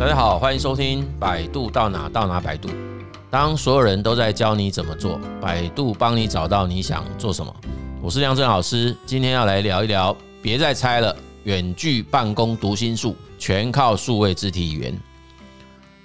大家好，歡迎收聽百度到哪到哪百度。當所有人都在教你怎麼做，百度幫你找到你想做什麼。我是梁振老師，今天要來聊一聊，別再猜了，遠距辦公讀心術，全靠數位肢體語言。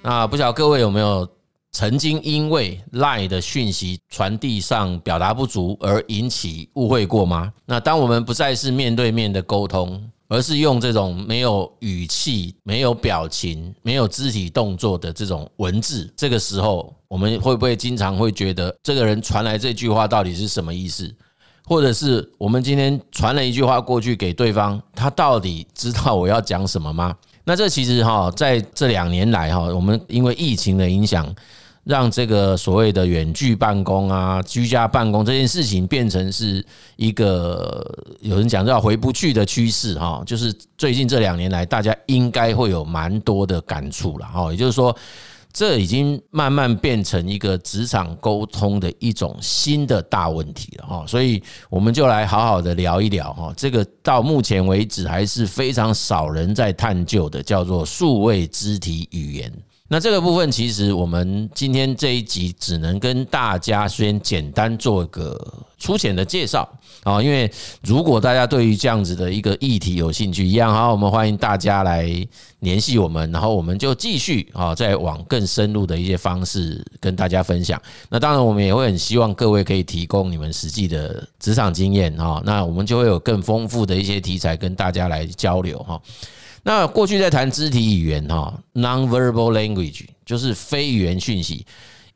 那不曉得各位有沒有曾經因為 LINE 的訊息傳遞上表達不足而引起誤會過嗎？那當我們不再是面對面的溝通。而是用這種沒有語氣、沒有表情、沒有肢體動作的這種文字，這個時候我們會不會經常會覺得，這個人傳來這句話到底是什麼意思？或者是我們今天傳了一句話過去給對方，他到底知道我要講什麼嗎？那這其實哈，在這兩年來哈，我們因為疫情的影響。讓這個所謂的遠距辦公啊、居家辦公這件事情，變成是一個有人講叫回不去的趨勢哈。就是最近這兩年來，大家應該會有蠻多的感觸了哈。也就是說，這已經慢慢變成一個職場溝通的一種新的大問題了哈。所以，我們就來好好的聊一聊哈。這個到目前為止還是非常少人在探究的，叫做數位肢體語言。那這個部分，其實我們今天這一集只能跟大家先簡單做個粗淺的介紹啊，因為如果大家對於這樣子的一個議題有興趣，一樣哈，我們歡迎大家來聯繫我們，然後我們就繼續啊，再往更深入的一些方式跟大家分享。那當然，我們也會很希望各位可以提供你們實際的職場經驗哈，那我們就會有更豐富的一些題材跟大家來交流哈。那過去在談肢體語言哈，non-verbal language 就是非語言訊息，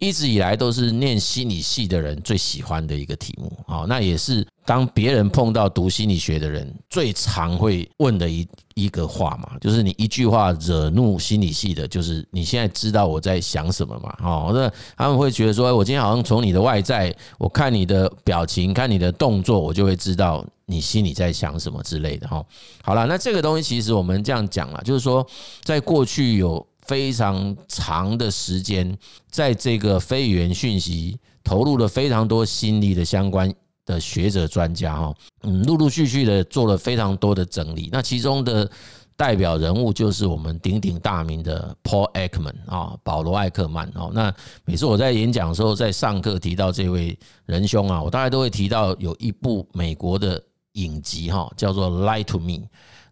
一直以來都是念心理系的人最喜歡的一個題目啊，那也是。當別人碰到讀心理學的人，最常會問的一一個話嘛，就是你一句話惹怒心理系的，就是你現在知道我在想什麼嘛？哈，那他們會覺得說，我今天好像從你的外在，我看你的表情，看你的動作，我就會知道你心裡在想什麼之類的。哈，好了，那這個東西其實我們這樣講了，就是說，在過去有非常長的時間，在這個非語言訊息投入了非常多心力的相關的學者專家哈、哦，嗯，陸陸續續的做了非常多的整理。那其中的代表人物就是我們鼎鼎大名的 Paul Ekman 啊、哦，保羅艾克曼哦。那每次我在演講的時候，在上課提到這位仁兄啊，我大概都會提到有一部美國的影集哈、哦，叫做《Lie to Me》。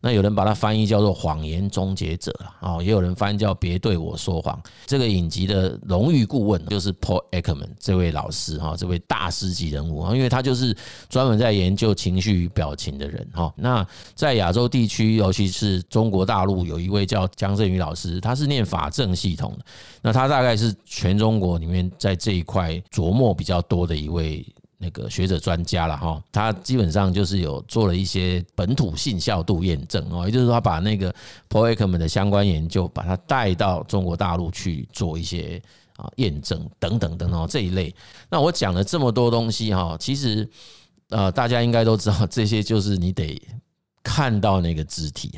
那有人把它翻譯叫做“謊言終結者”啊，也有人翻譯叫“別對我說謊”。這個影集的榮譽顧問就是 Paul Ekman 這位老師，哈，這位大師級人物啊，因為他就是專門在研究情緒與表情的人，哈。那在亞洲地區，尤其是中國大陸，有一位叫江振宇老師，他是念法政系統的，那他大概是全中國裡面在這一塊琢磨比較多的一位。那個學者專家了哈，他基本上就是有做了一些本土性效度驗證哦，也就是說他把那個 Paul Ekman 的相關研究把它帶到中國大陸去做一些啊驗證等等等等，這一類。那我講了這麼多東西哈，其實呃大家應該都知道，這些就是你得看到那個肢體。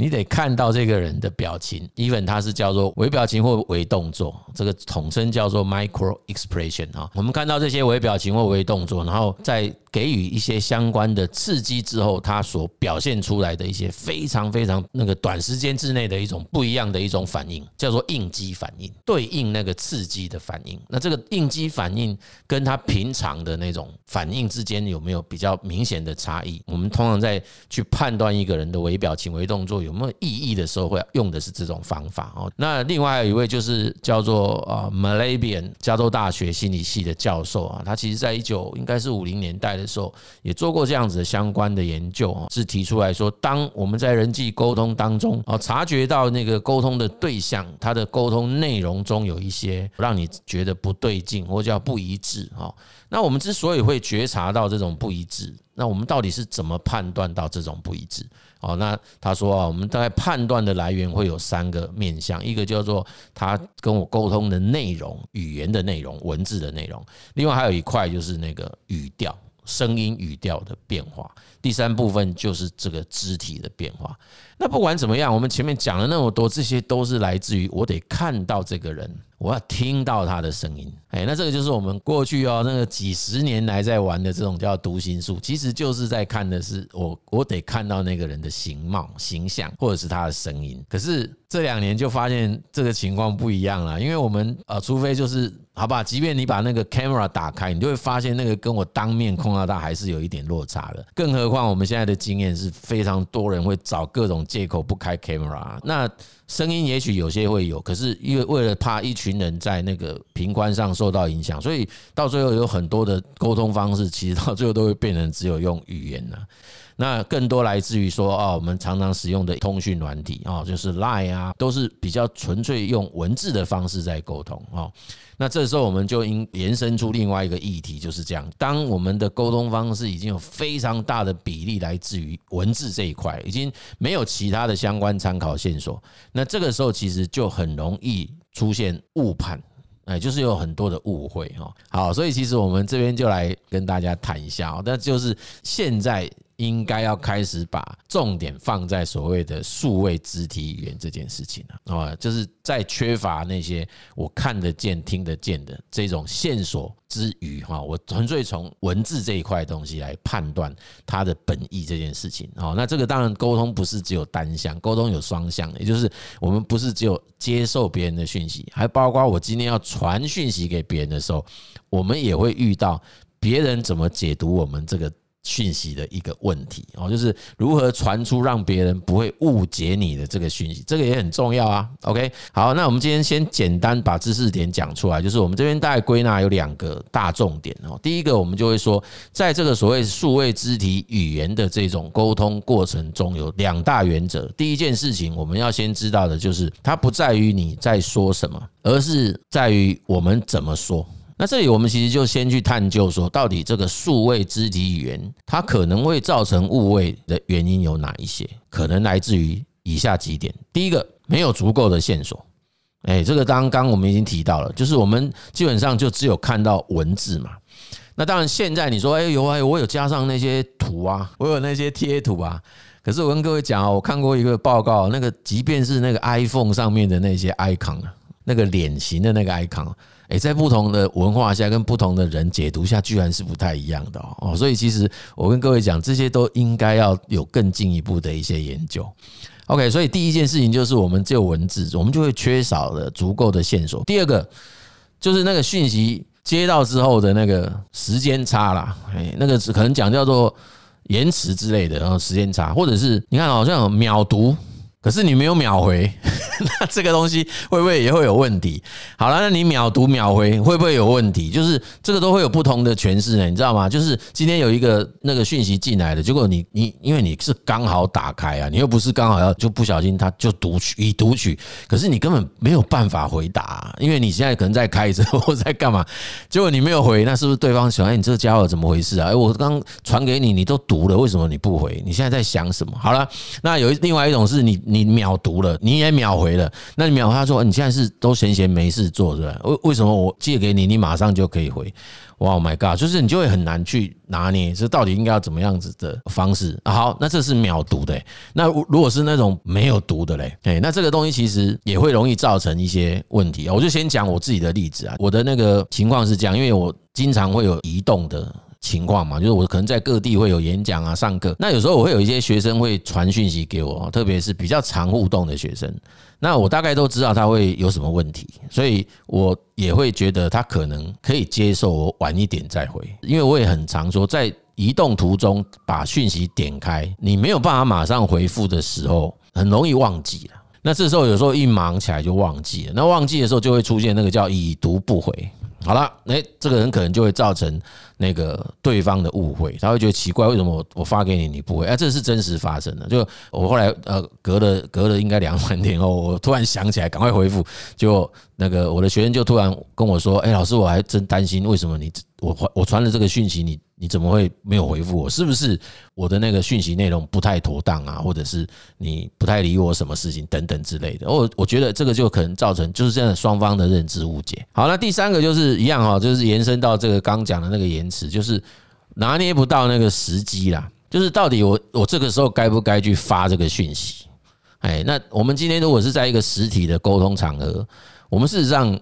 你得看到這個人的表情，even 他是叫做微表情或微動作，這個統稱叫做 micro expression 啊，我們看到這些微表情或微動作，然後在。給予一些相關的刺激之後，他所表現出來的一些非常非常那個短時間之內的一種不一樣的一種反應，叫做應激反應，對應那個刺激的反應。那這個應激反應跟他平常的那種反應之間有沒有比較明顯的差異？我們通常在去判斷一個人的微表情、微動作有沒有意義的時候，會用的是這種方法哦。那另外有一位就是叫做啊，Malabian 加州大學心理系的教授啊，他其實在一九應該是五零年代。的時候也做過這樣子的相關的研究，是提出來說，當我們在人際溝通當中，察覺到那個溝通的對象，他的溝通內容中有一些讓你覺得不對勁，或叫不一致。那我們之所以會覺察到這種不一致，那我們到底是怎麼判斷到這種不一致？哦，那他說啊，我們大概判斷的來源會有三個面向，一個叫做他跟我溝通的內容、語言的內容、文字的內容，另外還有一塊就是那個語調，聲音語調的變化，第三部分就是這個肢體的變化。那不管怎麼樣，我們前面講了那麼多，這些都是來自於我得看到這個人，我要聽到他的聲音。哎，那這個就是我們過去哦，那個幾十年來在玩的這種叫讀心術，其實就是在看的是我，我得看到那個人的形貌、形象，或者是他的聲音。可是這兩年就發現這個情況不一樣了，因為我們呃，除非就是好吧，即便你把那個 camera 打開，你就會發現那個跟我當面碰到他還是有一點落差的。更何況我們現在的經驗是非常多人會找各種。借口不開 camera，那聲音也許有些會有，可是因為為了怕一群人在那個頻寬上受到影響，所以到最後有很多的溝通方式，其實到最後都會變成只有用語言了、啊。那更多來自於說哦，我們常常使用的通訊軟體哦，就是 LINE 啊，都是比較純粹用文字的方式在溝通哦，那這時候我們就應延伸出另外一個議題，就是這樣。當我們的溝通方式已經有非常大的比例來自於文字這一塊，已經沒有其他的相關參考線索，那這個時候其實就很容易出現誤判，哎，就是有很多的誤會哈。好，所以其實我們這邊就來跟大家談一下啊，那就是現在。應該要開始把重點放在所謂的數位肢體語言這件事情了啊，就是在缺乏那些我看得見、聽得見的這種線索之餘，哈，我純粹從文字這一塊東西來判斷它的本意這件事情。哦，那這個當然溝通不是只有單向，溝通有雙向，也就是我們不是只有接受別人的訊息，還包括我今天要傳訊息給別人的時候，我們也會遇到別人怎麼解讀我們這個訊息的一個問題哦，就是如何傳出讓別人不會誤解你的這個訊息，這個也很重要啊。OK，好，那我們今天先簡單把知識點講出來，就是我們這邊大概歸納有兩個大重點哦。第一個，我們就會說，在這個所謂數位肢體語言的這種溝通過程中，有兩大原則。第一件事情，我們要先知道的就是，它不在於你在說什麼，而是在於我們怎麼說。那這裡我們其實就先去探究說，到底這個數位肢體語言它可能會造成誤會的原因有哪一些？可能來自於以下幾點：第一個，沒有足夠的線索。誒，這個剛剛我們已經提到了，就是我們基本上就只有看到文字嘛。那當然，現在你說，哎呦，我有加上那些圖啊，我有那些貼圖啊。可是我跟各位講啊，我看過一個報告，那個即便是那個 iPhone 上面的那些 icon，那個臉型的那個 icon。誒，在不同的文化下，跟不同的人解讀下，居然是不太一樣的哦。所以其實我跟各位講，這些都應該要有更進一步的一些研究。OK，所以第一件事情就是我們只有文字，我們就會缺少了足夠的線索。第二個就是那個訊息接到之後的那個時間差啦，誒，那個可能講叫做延遲之類的，然後時間差，或者是你看好像秒讀，可是你沒有秒回。 那這個東西會不會也會有問題？好啦，那你秒讀秒回會不會有問題？就是這個都會有不同的詮釋呢，你知道嗎？就是今天有一個那個訊息進來的，結果你你因為你是剛好打開啊，你又不是剛好要就不小心他就讀取已讀取，可是你根本沒有辦法回答、啊，因為你現在可能在開車或在幹嘛，結果你沒有回，那是不是對方想哎、欸、你這家伙怎麼回事啊？哎、欸、我剛傳給你，你都讀了，為什麼你不回？你現在在想什麼？好啦，那有另外一種是你你秒讀了，你也秒回。回了，那你秒，他說，你現在是都閒閒沒事做是吧？為為什麼我借給你，你馬上就可以回？哇、oh、my God，就是你就會很難去拿捏，這到底應該要怎麼樣子的方式、啊？好，那這是秒讀的、欸，那如果是那種沒有讀的嘞、欸，那這個東西其實也會容易造成一些問題啊。我就先講我自己的例子啊，我的那個情況是這樣，因為我經常會有移動的。情況嘛，就是我可能在各地會有演講啊、上課。那有時候我會有一些學生會傳訊息給我，特別是比較常互動的學生。那我大概都知道他會有什麼問題，所以我也會覺得他可能可以接受我晚一點再回，因為我也很常說在移動途中把訊息點開，你沒有辦法馬上回復的時候，很容易忘記了。那這時候有時候一忙起來就忘記了，那忘記的時候就會出現那個叫“已讀不回”。好了，誒，這個人可能就會造成那個對方的誤會，他會覺得奇怪，為什麼我我發給你，你不回？哎，這是真實發生的，就我後來呃隔了隔了應該兩三天後，我突然想起來，趕快回覆，就那個我的學生就突然跟我說，誒，老師，我還真擔心，為什麼你我我傳了這個訊息你？你怎麼會沒有回復我？是不是我的那個訊息內容不太妥當啊？或者是你不太理我什麼事情等等之類的？我我覺得這個就可能造成就是這樣雙方的認知誤解。好，那第三個就是一樣哈，就是延伸到這個剛講的那個延遲，就是拿捏不到那個時機啦。就是到底我我這個時候該不該去發這個訊息？哎，那我們今天如果是在一個實體的溝通場合，我們事實上。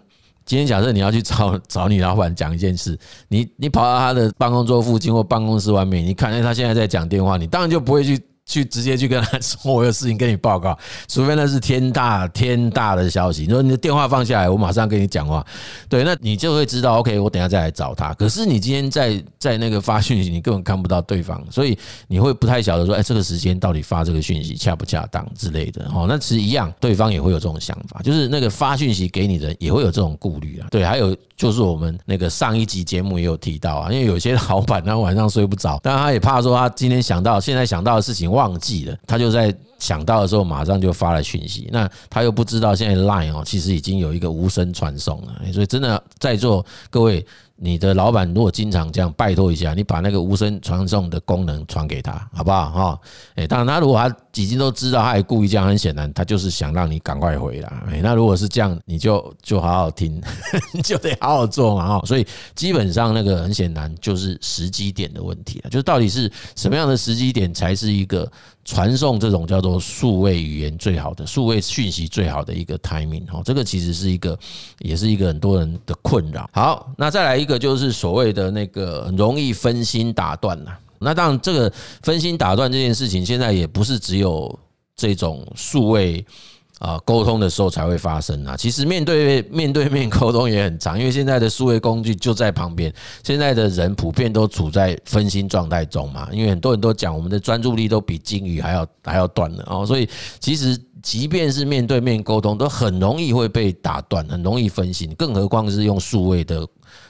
今天假設你要去找找你老闆講一件事，你，你你跑到他的辦公桌附近或辦公室外面，你看，他現在在講電話，你當然就不會去。去直接去跟他說，我有事情跟你報告，除非那是天大天大的消息。你說你的電話放下來，我馬上跟你講話，對，那你就會知道。OK，我等一下再來找他。可是你今天在在那個發訊息，你根本看不到對方，所以你會不太曉得說，哎，這個時間到底發這個訊息恰不恰當之類的。哦，那其實一樣，對方也會有這種想法，就是那個發訊息給你的也會有這種顧慮啊。對，還有就是我們那個上一集節目也有提到啊，因為有些老板他晚上睡不着，但他也怕說他今天想到現在想到的事情。忘記了，他就在想到的時候，馬上就發了訊息。那他又不知道，現在 LINE 哦，其實已經有一個無聲傳送了，所以真的在座各位。你的老闆如果經常這樣拜托一下，你把那個無聲傳送的功能傳給他，好不好哈？誒，當然他如果他已經都知道，他還故意這樣，很顯然他就是想讓你趕快回來。誒，那如果是這樣，你就就好好聽， 你就得好好做嘛哈。所以基本上那個很顯然就是時機點的問題了，就是到底是什麼樣的時機點才是一個。傳送這種叫做數位語言最好的數位訊息最好的一個 timing 這個其實是一個，也是一個很多人的困擾。好，那再來一個就是所謂的那個容易分心打斷、啊、那當然，這個分心打斷這件事情，現在也不是只有這種數位。啊，溝通的時候才會發生啊。其實面對面、面對面溝通也很長，因為現在的數位工具就在旁邊。現在的人普遍都處在分心狀態中嘛，因為很多人都講我們的專注力都比金魚還要還要短的哦。所以其實即便是面對面溝通，都很容易會被打斷，很容易分心。更何況是用數位的。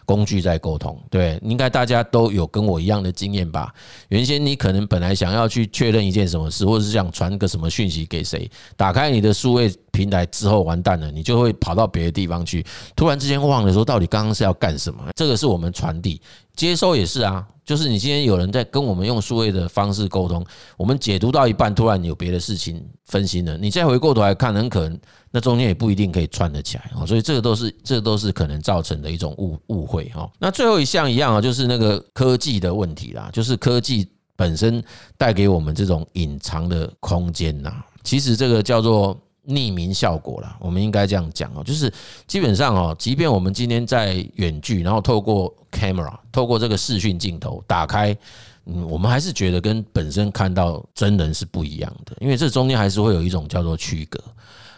工具在溝通，對，應該大家都有跟我一樣的經驗吧。原先你可能本來想要去確認一件什麼事，或者是想傳個什麼訊息給誰，打開你的數位平台之後完蛋了，你就會跑到別的地方去，突然之間忘了說到底剛剛是要幹什麼。這個是我們傳遞。接收也是啊，就是你今天有人在跟我們用數位的方式溝通，我們解讀到一半，突然有別的事情分心了，你再回過頭來看，很可能那中間也不一定可以串得起來啊，所以這個都是這都是可能造成的一種誤誤會哈。那最後一項一樣啊，就是那個科技的問題啦，就是科技本身帶給我們這種隱藏的空間吶，其實這個叫做。匿名效果啦，我們應該這樣講哦，就是基本上哦，即便我們今天在遠距，然後透過 camera，透過這個視訊鏡頭打開，嗯，我們還是覺得跟本身看到真人是不一樣的，因為這中間還是會有一種叫做區隔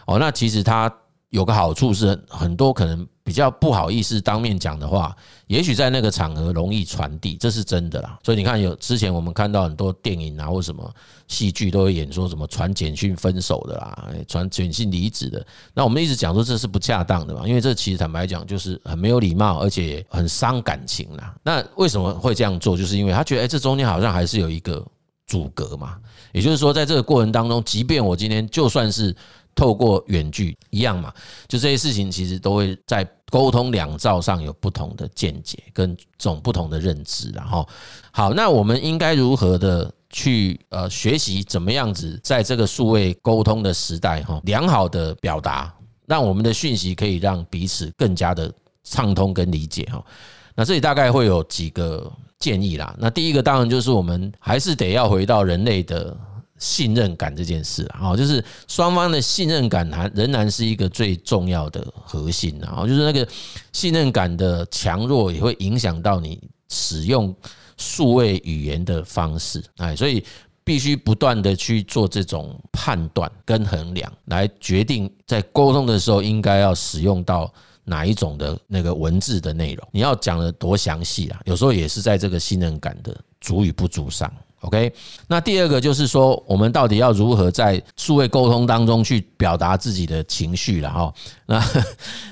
哦。那其實它。有個好處是，很多可能比較不好意思當面講的話，也許在那個場合容易傳遞，這是真的啦。所以你看，有之前我們看到很多電影啊，或什麼戲劇，都會演說什麼傳簡訊分手的啦，傳簡訊離職的。那我們一直講說這是不恰當的嘛，因為這其實坦白講就是很沒有禮貌，而且很傷感情啦。那為什麼會這樣做？就是因為他覺得，哎，這中間好像還是有一個阻隔嘛。也就是說，在這個過程當中，即便我今天就算是。透過遠距一樣嘛，就這些事情其實都會在溝通兩造上有不同的見解跟種不同的認知然後好，那我們應該如何的去呃學習怎麼樣子在這個數位溝通的時代哈，良好的表達讓我們的訊息可以讓彼此更加的暢通跟理解哈。那這裡大概會有幾個建議啦。那第一個當然就是我們還是得要回到人類的。信任感這件事啊，就是雙方的信任感還仍然是一個最重要的核心啊，就是那個信任感的強弱也會影響到你使用數位語言的方式哎，所以必須不斷的去做這種判斷跟衡量，來決定在溝通的時候應該要使用到哪一種的那個文字的內容，你要講的多詳細啊，有時候也是在這個信任感的足與不足上。OK，那第二個就是說，我們到底要如何在數位溝通當中去表達自己的情緒了哈？那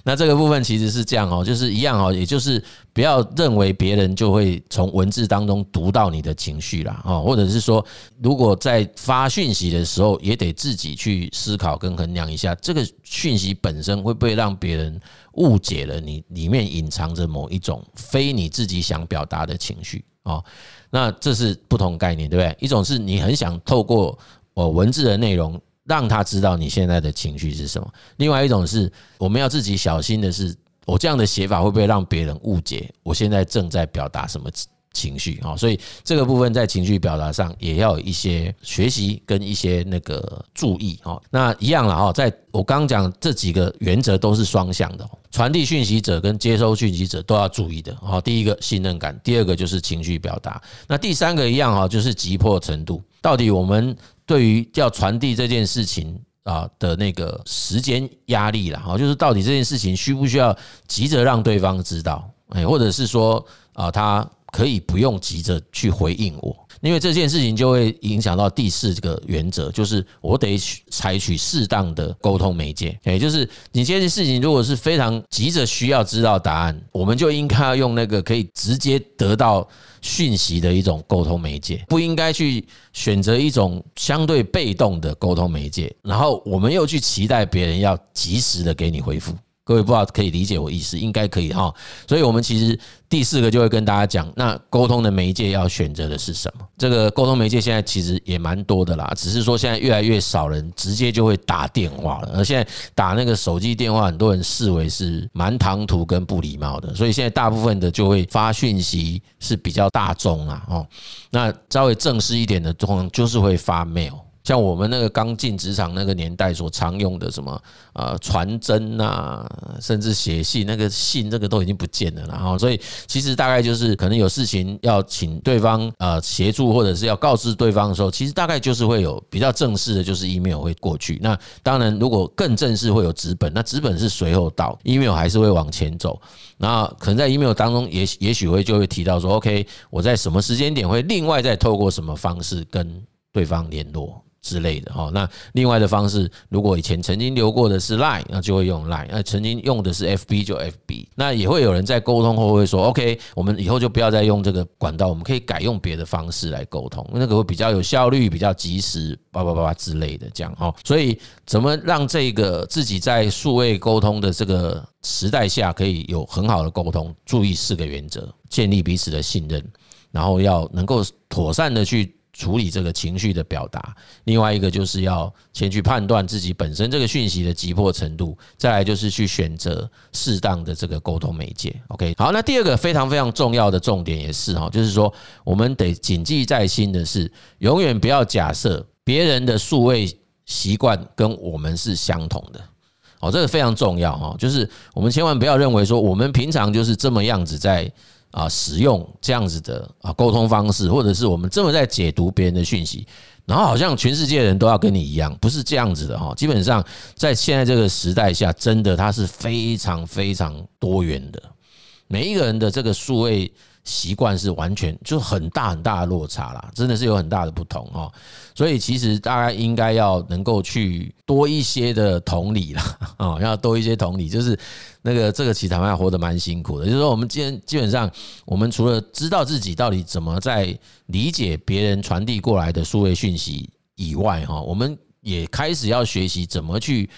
那這個部分其實是這樣哦，就是一樣哦，也就是不要認為別人就會從文字當中讀到你的情緒啦，或者是說，如果在發訊息的時候，也得自己去思考跟衡量一下，這個訊息本身會不會讓別人誤解了你裡面隱藏着某一種非你自己想表達的情緒啊？那這是不同概念，對不對？一種是你很想透過呃文字的內容，讓他知道你現在的情緒是什麼；另外一種是，我們要自己小心的是，我這樣的寫法會不會讓別人誤解我現在正在表達什麼？情緒啊，所以這個部分在情緒表達上也要有一些學習跟一些那個注意啊。那一樣了哈，在我剛剛講這幾個原則都是雙向的，傳遞訊息者跟接收訊息者都要注意的啊。第一個信任感，第二個就是情緒表達，那第三個一樣哈，就是急迫程度，到底我們對於要傳遞這件事情啊的那個時間壓力了哈，就是到底這件事情需不需要急着讓對方知道，誒，或者是說啊他。可以不用急着去回應我，因為這件事情就會影響到第四個原則，就是我得去採取適當的溝通媒介。也就是你這件事情如果是非常急着需要知道答案，我們就應該要用那個可以直接得到訊息的一種溝通媒介，不應該去選擇一種相對被動的溝通媒介，然後我們又去期待別人要及時的給你回覆。各位不知道可以理解我意思？應該可以哈。所以，我們其實第四個就會跟大家講，那溝通的媒介要選擇的是什麼？這個溝通媒介現在其實也蠻多的啦，只是說現在越來越少人直接就會打電話了，而現在打那個手機電話，很多人視為是蠻唐突跟不禮貌的，所以現在大部分的就會發訊息是比較大眾啦哦。那稍微正式一點的狀況，就是會發 mail。像我們那個剛進職場那個年代所常用的什麼啊傳真啊，甚至寫信，那個信這個都已經不見了。然後所以其實大概就是可能有事情要請對方呃協助，或者是要告知對方的時候，其實大概就是會有比較正式的，就是 email 會過去。那當然，如果更正式會有紙本，那紙本是隨後到 email 還是會往前走。那可能在 email 當中，也也許會就會提到說，OK，我在什麼時間點會另外再透過什麼方式跟對方聯絡。之類的哈，那另外的方式，如果以前曾經流過的是 Line，那就會用 Line；那曾經用的是 FB 就 FB。那也會有人在溝通後會說：“OK，我們以後就不要再用這個管道，我們可以改用別的方式來溝通，那個會比較有效率，比較及時，叭叭叭叭之類的。”這樣哦，所以怎麼讓這個自己在數位溝通的這個時代下可以有很好的溝通？注意四個原則，建立彼此的信任，然後要能夠妥善的去。處理這個情緒的表達，另外一個就是要先去判斷自己本身這個訊息的急迫程度，再來就是去選擇適當的這個溝通媒介。OK，好，那第二個非常非常重要的重點也是哈，就是說我們得謹記在心的是，永遠不要假設別人的數位習慣跟我們是相同的。哦，這個非常重要哈，就是我們千萬不要認為說我們平常就是這麼樣子在。啊，使用這樣子的啊溝通方式，或者是我們這麼在解讀別人的訊息，然後好像全世界人都要跟你一樣，不是這樣子的哈。基本上，在現在這個時代下，真的它是非常非常多元的，每一個人的這個數位。習慣是完全就很大很大的落差啦，真的是有很大的不同哦。所以其實大家應該要能夠去多一些的同理啦，啊，要多一些同理，就是那個這個其實還活得蠻辛苦的，就是說，我們今天基本上我們除了知道自己到底怎麼在理解別人傳遞過來的數位訊息以外，哈，我們也開始要學習怎麼去。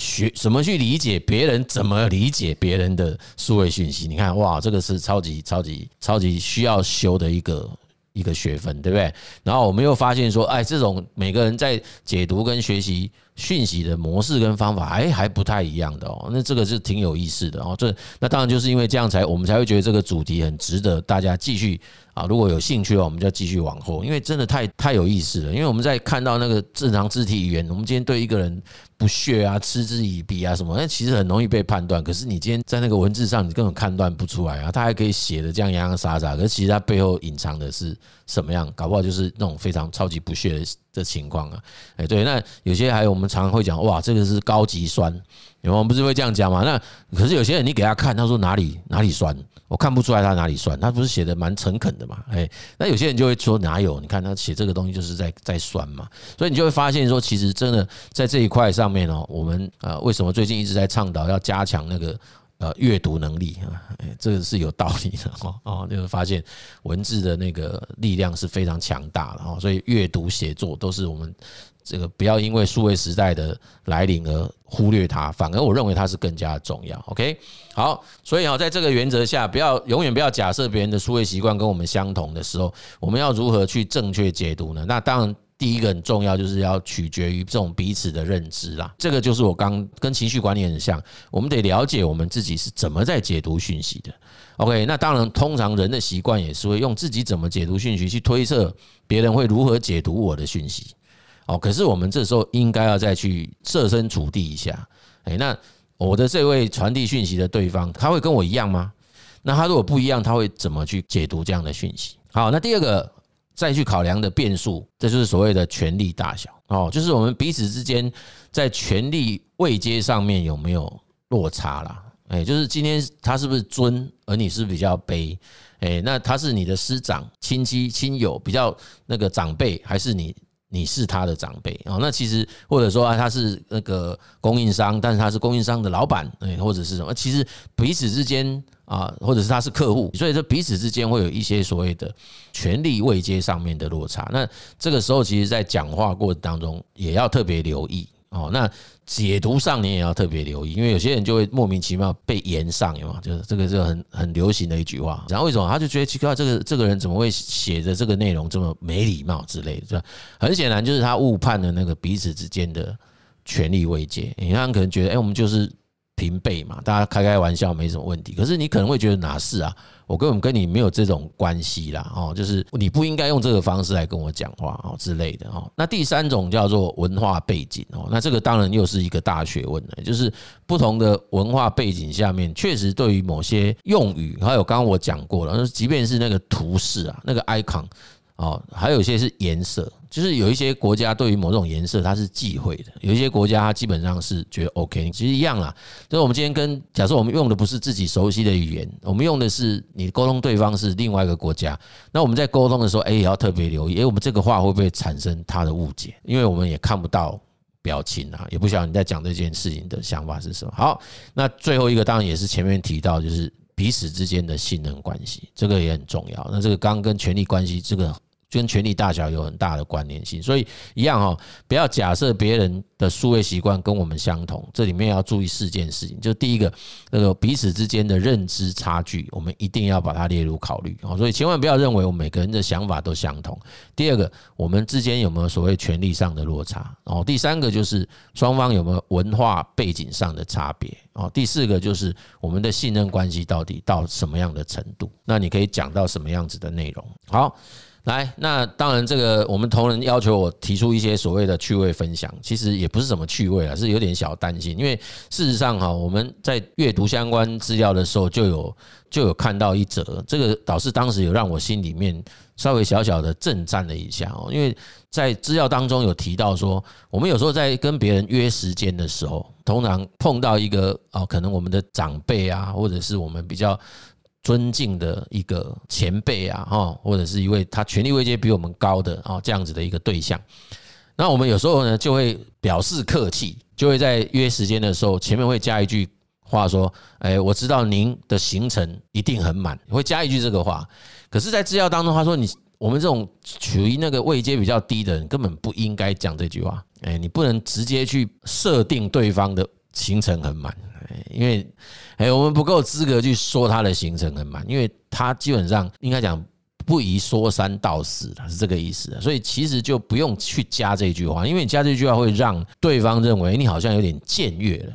學怎麼去理解別人，怎麼理解別人的數位訊息。你看，哇，這個是超級超級超級需要修的一個一個學分，對不對？然後我們又發現說，哎，這種每個人在解讀跟學習。訊息的模式跟方法，哎、欸，還不太一樣的哦、喔。那這個是挺有意思的哦、喔。這那當然就是因為這樣才我們才會覺得這個主題很值得大家繼續啊。如果有興趣的話，我們就要繼續往後，因為真的太太有意思了。因為我們在看到那個正常肢體語言，我們今天對一個人不屑啊、嗤之以鼻啊什麼，那其實很容易被判斷。可是你今天在那個文字上，你根本判斷不出來啊。他還可以寫得這樣洋洋灑灑，可是其實他背後隱藏的是什麼樣？搞不好就是那種非常超級不屑的情況啊。哎，對，那有些還有我們。常,常會講哇，這個是高級酸，因為我們不是會這樣講嘛？那可是有些人你給他看，他說哪裡哪裡酸，我看不出來他哪裡酸，他不是寫得蠻誠懇的嘛？誒，那有些人就會說哪有？你看他寫這個東西就是在在酸嘛，所以你就會發現說，其實真的在這一塊上面哦，我們啊為什麼最近一直在倡導要加強那個？呃，閱讀能力啊，這個是有道理的哦。哦，你會發現文字的那個力量是非常強大的哦。所以閱讀寫作都是我們這個不要因為數位時代的來臨而忽略它，反而我認為它是更加重要。OK，好，所以啊，在這個原則下，不要永遠不要假設別人的數位習慣跟我們相同的時候，我們要如何去正確解讀呢？那當然。第一個很重要，就是要取決於這種彼此的認知啦。這個就是我剛跟情緒管理很像，我們得了解我們自己是怎麼在解讀訊息的。OK，那當然，通常人的習慣也是會用自己怎麼解讀訊息去推測別人會如何解讀我的訊息。哦，可是我們這時候應該要再去設身處地一下。誒，那我的這位傳遞訊息的對方，他會跟我一樣嗎？那他如果不一樣，他會怎麼去解讀這樣的訊息？好，那第二個。再去考量的變數，這就是所謂的權力大小哦，就是我們彼此之間在權力位階上面有沒有落差啦？誒，就是今天他是不是尊，而你是比較卑？誒，那他是你的師長、親戚、親友比較那個長輩，還是你你是他的長輩？哦，那其實或者說啊，他是那個供應商，但是他是供應商的老板，誒，或者是什麼？其實彼此之間。啊，或者是他是客戶，所以說彼此之間會有一些所謂的權力位階上面的落差。那這個時候，其實，在講話過程當中也要特別留意哦。那解讀上，你也要特別留意，因為有些人就會莫名其妙被炎上，有嗎？就是這個是很很流行的一句話。然後為什麼？他就覺得奇怪，這個這個人怎麼會寫著這個內容這麼沒禮貌之類的？很顯然就是他誤判了那個彼此之間的權力位階。你看他可能覺得，哎，我們就是。平輩嘛，大家開開玩笑，沒什麼問題。可是你可能會覺得哪是啊？我根本跟你沒有這種關係啦，哦，就是你不應該用這個方式來跟我講話哦之類的哦。那第三種叫做文化背景哦，那這個當然又是一個大學問了，就是不同的文化背景下面，確實對於某些用語，還有剛剛我講過了，即便是那個圖示啊，那個 icon。哦，還有一些是顏色，就是有一些國家對於某種顏色它是忌諱的，有一些國家它基本上是覺得 OK，其實一樣啦。所以，我們今天跟假設我們用的不是自己熟悉的語言，我們用的是你溝通對方是另外一個國家，那我們在溝通的時候，哎，也要特別留意，欸，誒，我們這個話會不會產生他的誤解，因為我們也看不到表情啊，也不曉得你在講這件事情的想法是什麼。好，那最後一個當然也是前面提到，就是彼此之間的信任關係，這個也很重要。那這個剛剛跟權力關係這個。跟權力大小有很大的關聯性，所以一樣哦、喔，不要假設別人的數位習慣跟我們相同。這裡面要注意四件事情，就第一個，那個彼此之間的認知差距，我們一定要把它列入考慮哦。所以千萬不要認為我們每個人的想法都相同。第二個，我們之間有沒有所謂權力上的落差哦？第三個就是雙方有沒有文化背景上的差別哦？第四個就是我們的信任關係到底到什麼樣的程度？那你可以講到什麼樣子的內容？好。來，那當然，這個我們同仁要求我提出一些所謂的趣味分享，其實也不是什麼趣味啊，是有點小擔心，因為事實上哈，我們在閱讀相關資料的時候，就有就有看到一則，這個倒是當時有讓我心裡面稍微小小的震顫了一下哦，因為在資料當中有提到說，我們有時候在跟別人約時間的時候，通常碰到一個啊，可能我們的長輩啊，或者是我們比較尊敬的一個前輩啊，哈，或者是一位他權力位階比我們高的啊，這樣子的一個對象，那我們有時候呢就會表示客氣，就會在約時間的時候前面會加一句話說：“哎，我知道您的行程一定很滿。”會加一句這個話。可是，在資料當中他說：“你我們這種處於那個位階比較低的人，根本不應該講這句話。哎，你不能直接去設定對方的。”行程很滿，因為誒我們不夠資格去說他的行程很滿，因為他基本上應該講不宜說三道四，他是這個意思的，所以其實就不用去加這句話，因為你加這句話會讓對方認為你好像有點僭越了。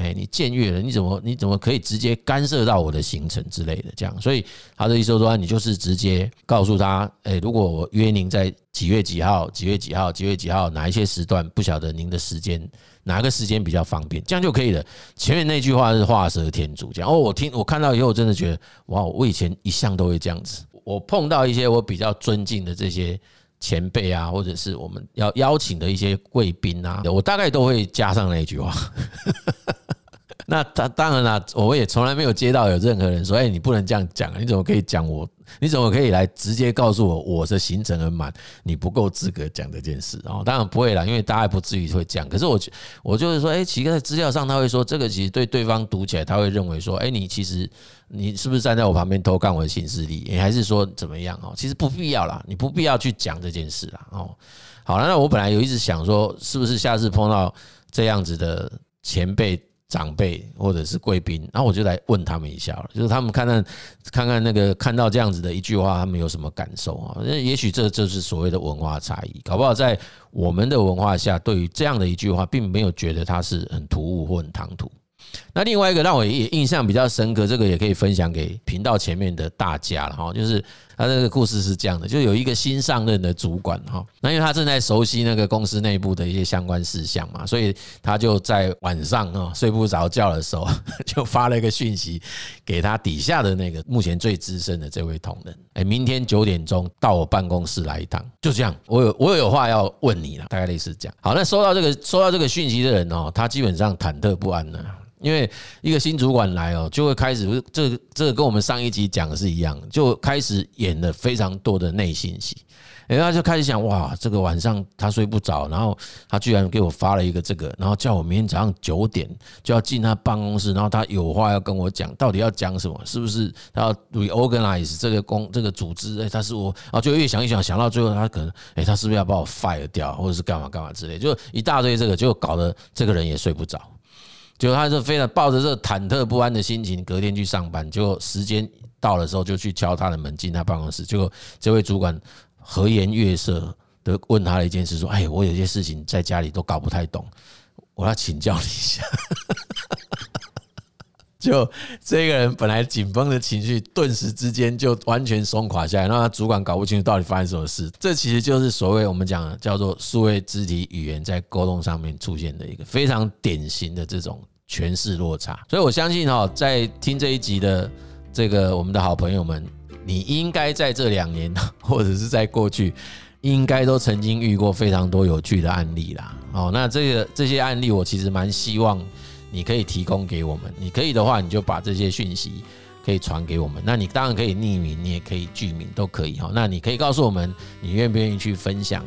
哎，欸、你僭越了，你怎麼你怎麼可以直接干涉到我的行程之類的？這樣，所以他的意思說，你就是直接告訴他，哎，如果我約您在幾月幾號、幾月幾號、幾月幾號哪一些時段，不曉得您的時間哪個時間比較方便，這樣就可以了。前面那句話是畫蛇添足，這樣哦，我聽我看到以後，真的覺得哇，我以前一向都會這樣子，我碰到一些我比較尊敬的這些。前輩啊，或者是我們要邀，邀請的一些貴賓啊，我大概都會加上那句話。 那當當然啦，我也從來沒有接到有任何人說：“哎、欸，你不能這樣講，你怎麼可以講我？”你怎麼可以來直接告訴我我是行程很滿？你不夠資格講這件事。然後當然不會啦，因為大家也不至於會這樣。可是我我就是說，哎，其實在資料上他會說這個，其實對對方讀起來他會認為說，哎，你其實你是不是站在我旁邊偷看我的行事曆？你還是說怎麼樣哦？其實不必要啦，你不必要去講這件事啦。哦，好了，那我本來有一直想說，是不是下次碰到這樣子的前輩？長輩或者是貴賓，然後我就來問他們一下，就是他們看看看看那個看到這樣子的一句話，他們有什麼感受啊？那也許這就是所謂的文化差異，搞不好在我們的文化下，對於這樣的一句話，並沒有覺得它是很突兀或很唐突。那另外一個讓我也印象比較深刻，這個也可以分享給頻道前面的大家了哈。就是他這個故事是這樣的，就有一個新上任的主管哈，那因為他正在熟悉那個公司內部的一些相關事項嘛，所以他就在晚上啊睡不着覺的時候，就發了一個訊息給他底下的那個目前最資深的這位同仁，哎，明天九點鐘到我辦公室來一趟，就這樣，我有我有有話要問你了，大概類似這樣。好，那收到這個收到這個訊息的人哦，他基本上忐忑不安呢。因為一個新主管來哦，就會開始這個這個，跟我們上一集講的是一樣，就開始演了非常多的內心戲。然後他就開始想，哇，這個晚上他睡不着，然後他居然給我發了一個這個，然後叫我明天早上九點就要進他辦公室，然後他有話要跟我講，到底要講什麼？是不是他要 reorganize 這個公這個組織？誒，他是我啊，就越想越想，想到最後他可能，誒，他是不是要把我 fire 掉，或者是幹嘛幹嘛之類，就一大堆這個，就搞得這個人也睡不着。就他是非常抱着這忐忑不安的心情，隔天去上班。結果時間到的時候，就去敲他的門，進他辦公室。結果這位主管和顏悅色的問他了一件事，說：“哎，我有些事情在家裡都搞不太懂，我要請教你一下。 ”就這個人本來緊繃的情緒，頓時之間就完全鬆垮下來，那他主管搞不清楚到底發生什麼事。這其實就是所謂我們講叫做數位肢體語言在溝通上面出現的一個非常典型的這種詮釋落差。所以我相信哈，在聽這一集的這個我們的好朋友們，你應該在這兩年或者是在過去，應該都曾經遇過非常多有趣的案例啦。哦，那這個這些案例，我其實蠻希望，你可以提供給我們，你可以的話，你就把這些訊息可以傳給我們。那你當然可以匿名，你也可以具名，都可以哈。那你可以告訴我們，你願不願意去分享？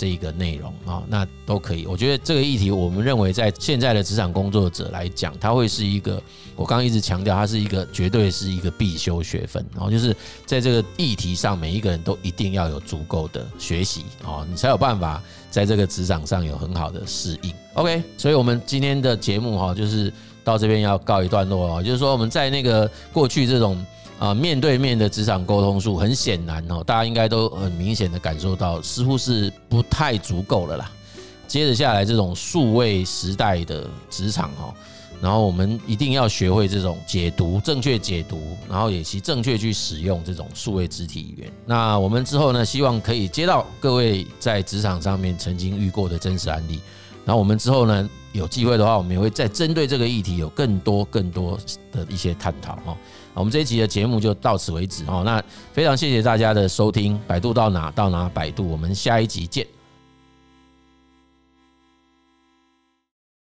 這一個內容啊，那都可以。我覺得這個議題，我們認為在現在的職場工作者來講，它會是一個，我剛剛一直強調，它是一個絕對是一個必修學分。然後就是在這個議題上，每一個人都一定要有足夠的學習啊，你才有辦法在這個職場上有很好的適應。OK，所以我們今天的節目哈，就是到這邊要告一段落了。就是說我們在那個過去這種。啊，面對面的職場溝通術很顯然哦，大家應該都很明顯的感受到，似乎是不太足夠了啦。接着下來，這種數位時代的職場哈，然後我們一定要學會這種解讀，正確解讀，然後以及正確去使用這種數位肢體語言。那我們之後呢，希望可以接到各位在職場上面曾經遇過的真實案例。然後我們之後呢，有機會的話，我們也會再針對這個議題有更多更多的一些探討哈。我們這一集的節目就到此為止哦，那非常謝謝大家的收聽，百度到哪到哪百度，我們下一集見。